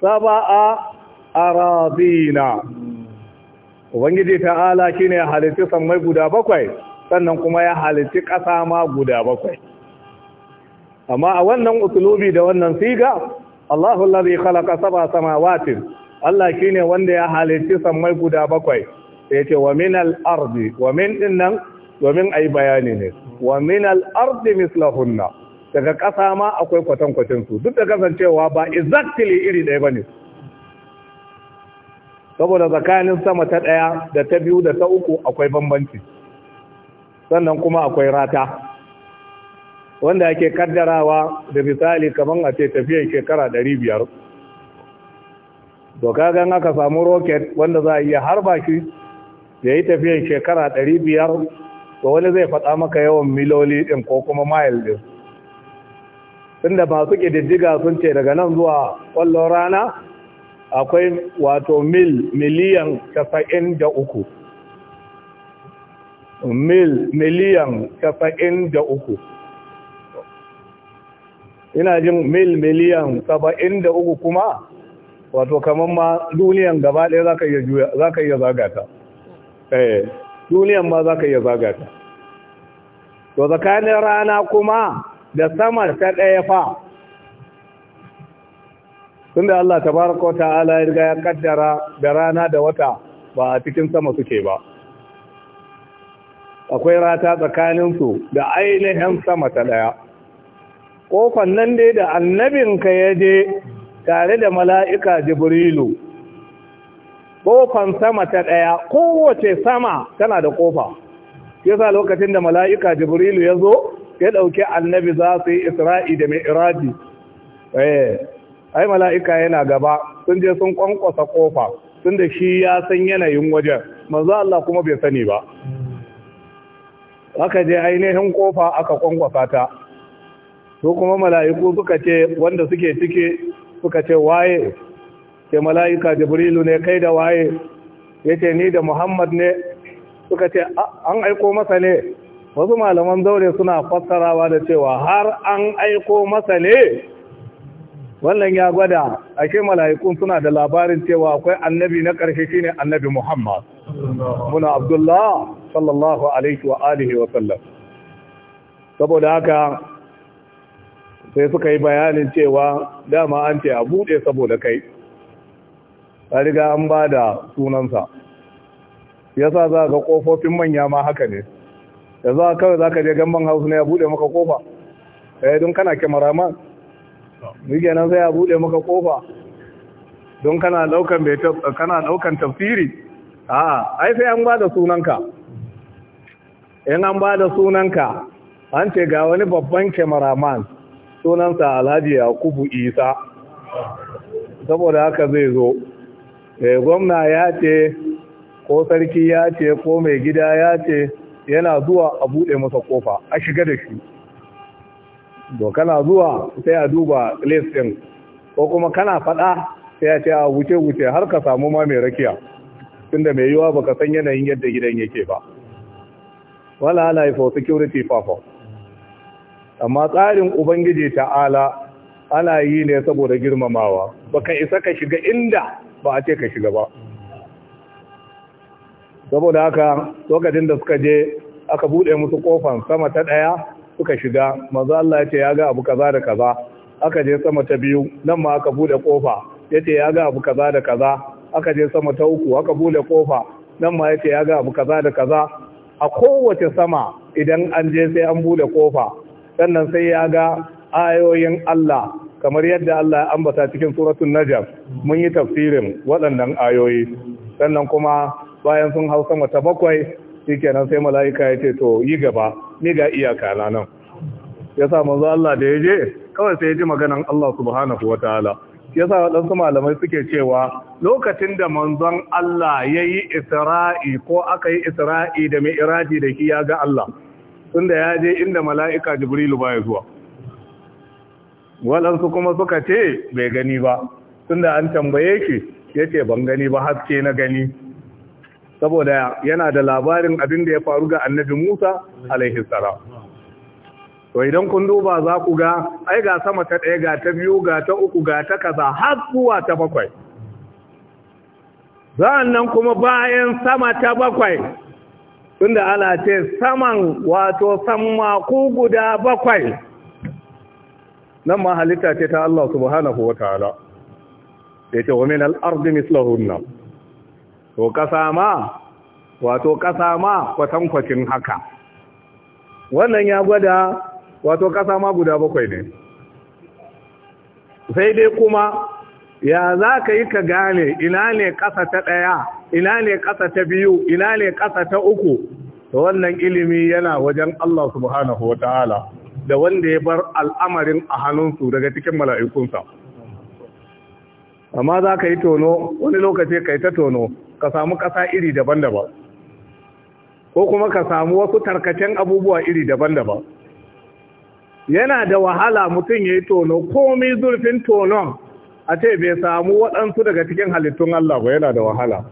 sab'a aradina ubangiji ta'ala shine halitta samai guda bakwai sannan kuma ya halitti ƙasa ma guda bakwai amma a wannan usulubi da wannan siga Allahu allazi khalaqa sab'a watin? Allah shine wanda ya halitti sammai guda bakwai sai ce wa minal ardi wa min dinnan domin ayi bayani ne wa minal ardi mislahunna daga ƙasa ma akwai kwatankwacin su duk da kasancewa ba exactly iri ɗaya bane saboda tsakanin sama ta ɗaya da ta biyu da ta uku akwai bambanci sannan kuma akwai rata wanda ake kaddarawa da misali kamar a ce tafiyar shekara biyar. to kagan aka samu roket wanda za a iya harba shi da yi tafiyar shekara biyar, to wani zai faɗa maka yawan miloli ɗin ko kuma mayil ɗin tunda masu ƙididdiga sun ce daga nan zuwa ƙwallon rana akwai wato mil miliyan uku. mil miliyan saba'in da uku ina jin mil miliyan saba'in da uku kuma wato kamar ma duniyan gaba ɗaya za ka iya zagata eh duniyan ma za ka iya zagata to tsakanin rana kuma da sama ta ɗaya fa tunda Allah tabaraka ta'ala ya riga ya kaddara da rana da wata ba a cikin sama suke ba akwai rata tsakaninsu da ainihin sama ta ɗaya ƙofan nan dai da annabinka ya je tare da mala'ika jibrilu ƙofan sama ta ɗaya kowace sama tana da ƙofa yasa lokacin da mala'ika jibrilu ya zo ya ɗauki annabi za su yi isra'i da mai iraji eh, ai mala'ika yana gaba sun je sun kwankwasa ƙofa tun da shi ya san yanayin wajen manzo Allah kuma bai sani ba aka je ainihin kofa aka kwankwafa ta su kuma mala'iku suka ce wanda suke cike suka ce waye ke mala'ika jibrilu ne kai da waye ya ce ni da muhammad ne suka ce an aiko masa ne wasu malaman zaure suna fassarawa da cewa har an aiko masa ne wannan ya gwada Ake mala'ikun suna da labarin cewa akwai annabi na ƙarshe ne annabi Muhammad muna Abdullah sallallahu alaihi wa alihi wa sallam saboda haka sai suka yi bayanin cewa dama an ce a buɗe saboda kai a riga an ba da sunansa sa za ga ƙofofin manya ma haka ne da za kawai za ka je gamban hausa ne ya buɗe maka kofa ɗaya eh, don kana kyamarama. muke nan sai a bude maka ƙofa don kana ɗaukan tafsiri A'a ai sai an ba da sunanka in an ba da sunanka an ce ga wani babban cameraman sunansa alhaji yakubu isa saboda haka zai zo eh, gwamna ya ce ko sarki ya ce ko mai gida ya ce yana zuwa a buɗe masa kofa, a shiga da shi to kana zuwa sai a duba list din ko kuma kana faɗa sai a ce a wuce wuce har ka samu ma mai rakiya tunda mai yiwa baka san yanayin yadda gidan yake ba wala ala for security purpose amma tsarin ubangiji ta'ala ana yi ne saboda girmamawa baka isa ka shiga inda ba a ce ka shiga ba saboda haka lokacin da suka je aka bude musu kofan sama ta daya suka shiga manzo Allah ya ce ya ga abu kaza da kaza aka je sama ta biyu nan ma aka bude kofa ya ya ga abu kaza da kaza aka je sama ta uku aka bude kofa nan ma ya ya ga abu kaza da kaza a kowace sama idan an je sai an bude kofa sannan sai ya ga ayoyin Allah kamar yadda Allah ya ambata cikin suratul najm mun yi tafsirin waɗannan ayoyi sannan kuma bayan sun hau sama ta bakwai shikenan sai mala'ika ya ce to yi gaba ni ga iyaka na nan sa manzo Allah da ya je kawai sai ya ji maganan Allah subhanahu wataala sa waɗansu malamai suke cewa lokacin da manzon Allah ya yi isra'i ko aka yi isra'i da mai iraji da shi ya ga Allah tunda ya je inda mala'ika jibrilu ba ya zuwa waɗansu kuma suka ce bai gani ba tunda an tambaye shi ya ce ban gani ba haske na gani saboda yana da labarin abin da ya faru ga annabi Musa alaihi salam to idan kun duba za ku ga ai ga sama ta ɗaya ga ta biyu ga ta uku ga ta kaza har zuwa ta bakwai nan kuma bayan sama ta bakwai tunda ala ce saman wato samma ku guda bakwai nan ma halitta ce ta Allah subhanahu wa ta'ala ya ce wa min al-ardi to ƙasa ma wato ƙasa ma kwatankwacin haka wannan ya gwada wato ƙasa ma guda bakwai ne sai dai kuma ya za ka yi ka gane ina ne ƙasa ta ɗaya ina ne ƙasa ta biyu ina ne ƙasa ta uku to wannan ilimi yana wajen Allah subhanahu wa ta'ala da wanda ya bar al'amarin a hannunsu daga cikin mala'ikunsa amma za ka yi tono wani lokaci ka yi ta tono ka samu ƙasa iri daban-daban ko kuma ka samu wasu tarkacen abubuwa iri daban-daban yana da wahala mutum ya yi tono komai zurfin tonon a ce bai samu waɗansu daga cikin halittun Allah ba yana da wahala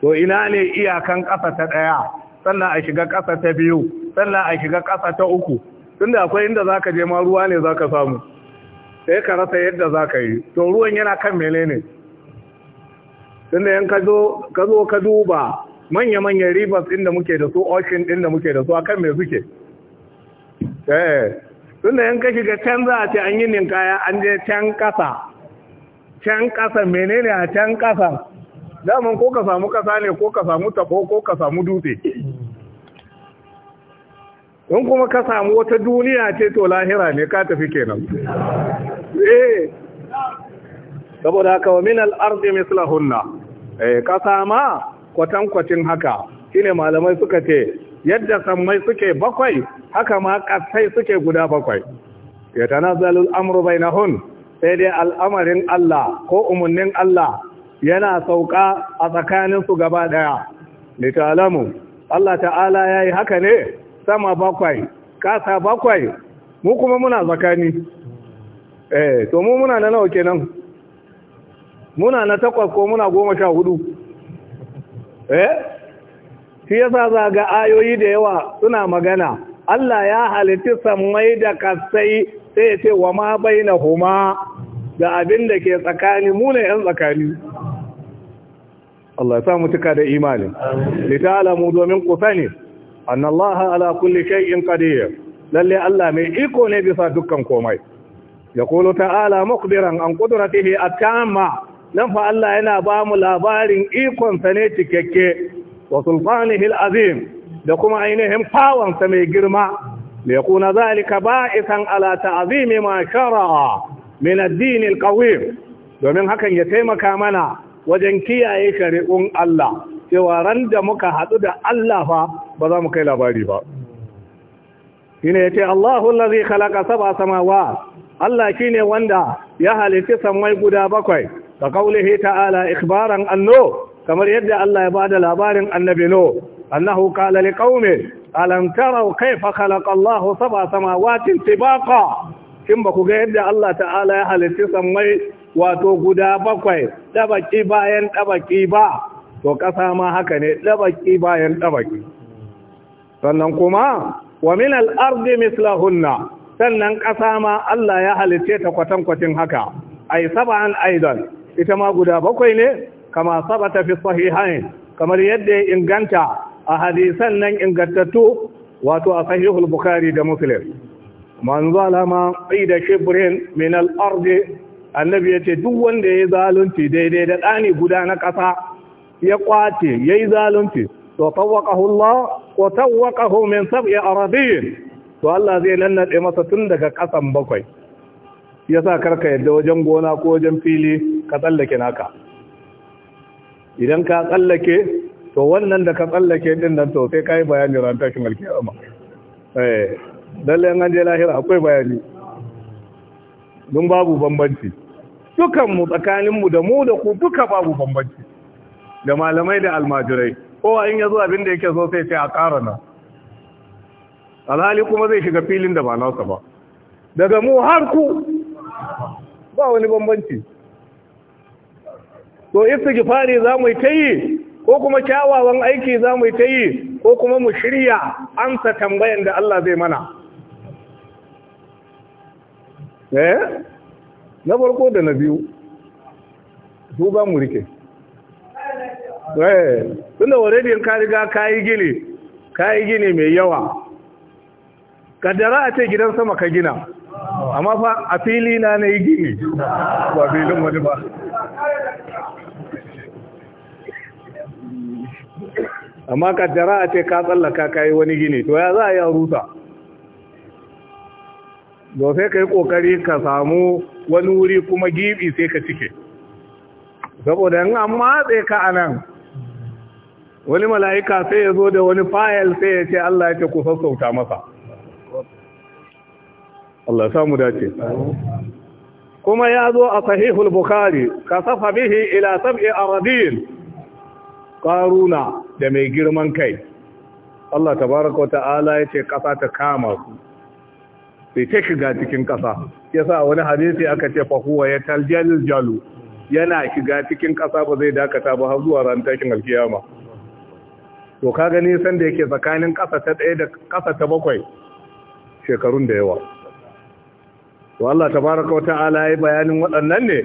to ina ne iyakan ƙasa ta ɗaya sannan a shiga ƙasa ta biyu sannan a shiga ƙasa ta uku tunda akwai inda za ka je ma ruwa ne za ka samu sai ka rasa yadda za ka yi to ruwan yana kan menene ne Tunda yan ka zo ka duba manya-manyan rivers ɗin da muke da su ocean ɗin da muke da su akan mai suke eh, Tunda tun yan ka shiga can za a ce an yi ninkaya an je can ƙasa can ƙasa menene a can ƙasa daman ko ka samu ƙasa ne ko ka samu tabo ko ka samu dutse in kuma ka samu wata duniya ce to lahira ne ka tafi kenan eh saboda haka wa min al-ardi mislahunna Eh, ƙasa ma kwatankwacin haka shine malamai suka ce yadda sammai suke bakwai haka ma ƙasai suke guda bakwai ya tanazzalul amru bainahun sai dai al'amarin Allah ko umarnin Allah yana sauka a tsakaninsu gaba ɗaya litalamu Allah ta'ala ya yi haka ne sama bakwai ƙasa bakwai mu kuma muna tsakani eh to mu muna na nawa kenan muna na takwas ko muna goma sha hudu eh shi yasa za ga ayoyi da yawa suna magana Allah ya halitta samai da kasai sai ya ce wa ma baina huma da abin da ke tsakani mu ne yan tsakani Allah ya sa mu tuka da imani litalamu domin ku sani annallaha ala kulli shay'in qadir lalle Allah mai iko ne bisa dukkan komai yaqulu ta'ala muqbiran an qudratihi atamma nan fa Allah yana ba mu labarin ikonsa ne cikakke wa sulfanihil azim da kuma ainihin fawansa mai girma da ya kuna zalika ba'isan ala ta'zimi ma shara'a min ad-din al-qawim domin hakan ya taimaka mana wajen kiyaye shari'un Allah cewa ran da muka hadu da Allah fa ba za mu kai labari ba shine yace Allahu allazi khalaqa sab'a samawat Allah shine wanda ya halitta samai guda bakwai ka kaulihi ta'ala ikhbaran anno kamar yadda Allah ya bada labarin annabi no annahu qala liqaumin alam taraw kayfa khalaqa Allah sab'a samawatin tibaqa kin ba ku ga yadda Allah ta'ala ya halitta sammai wato guda bakwai dabaki bayan dabaki ba to kasa ma haka ne dabaki bayan dabaki sannan kuma wa min al-ardi mislahunna sannan kasa ma Allah ya halitta ta kwatankwacin haka ay sab'an aidan ita ma guda bakwai ne kama sabata fi sahihain kamar yadda ya inganta a hadisan nan ingantattu wato a sahihul bukhari da muslim man zalama da shibrin min al-ard annabi yace duk wanda ya yayi zalunci daidai da ɗani guda na ƙasa ya kwace yayi zalunci to tawaqahu Allah wa tawaqahu min sab'i aradin to Allah zai lannade masa tun daga kasan bakwai yasa karka yadda wajen gona ko wajen fili ka tsallake naka idan ka tsallake to wannan da ka tsallake din nan to sai kai bayani ran tashin alkiyama eh dalle an je lahira akwai bayani dun babu bambanci dukan mu tsakanin mu da mu da ku duka babu bambanci da malamai da almajirai kowa in yazo abin da yake so sai sai a ƙara nan alhali kuma zai shiga filin da ba nasa ba daga mu har ku ba wani bambanci to istighfari za mu yi ta yi ko kuma kyawawan aiki za mu yi ta yi ko kuma mu shirya amsa tambayan da Allah zai mana eh na farko da na biyu su ba mu rike eh tunda already ka riga kayi gini kayi gine mai yawa kaddara a ce gidan sama ka gina amma fa a fili na na yi gini ba filin wani ba amma jara a ce ka tsallaka ka yi wani gini to ya za a yi arusa. rusa sai ka yi kokari ka samu wani wuri kuma gibi sai ka cike saboda yin an matse ka a nan wani mala'ika sai ya zo da wani fayil sai ya ce Allah ya ce ku sassauta masa Allah samu dace kuma ya zo a sahihul bukari ka safa bihi ila sab'i aradin ƙaruna da mai girman kai Allah tabaraka ta'ala ya ce ƙasa ta kama su sai ta shiga cikin ƙasa ya sa wani hadisi aka ce fahuwa ya taljal jalu yana shiga cikin ƙasa ba zai dakata ba har zuwa ran tashin alkiyama to ka gani san da yake tsakanin ƙasa ta ɗaya da ƙasa ta bakwai shekarun da yawa to Allah tabaraka wa ta'ala ya bayanin waɗannan ne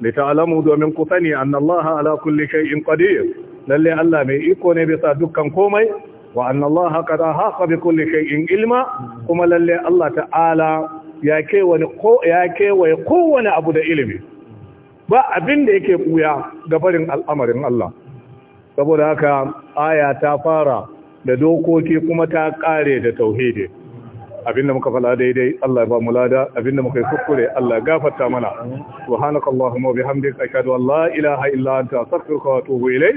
li ta'lamu domin ku sani anna ala kulli shay'in qadir lalle Allah mai iko ne bisa dukkan komai wa anna Allah qad ahata bi kulli shay'in ilma kuma lalle Allah ta'ala ya kewaye wani ko ya wai kowane abu da ilimi ba abin da yake buya da barin al'amarin Allah saboda haka aya ta fara da dokoki kuma ta kare da tauhidi abinda muka fala daidai Allah ya ba mu lada abinda muka yi kuskure Allah gafarta mana subhanakallahumma bihamdika ashhadu an la ilaha illa anta astaghfiruka wa atubu ilayk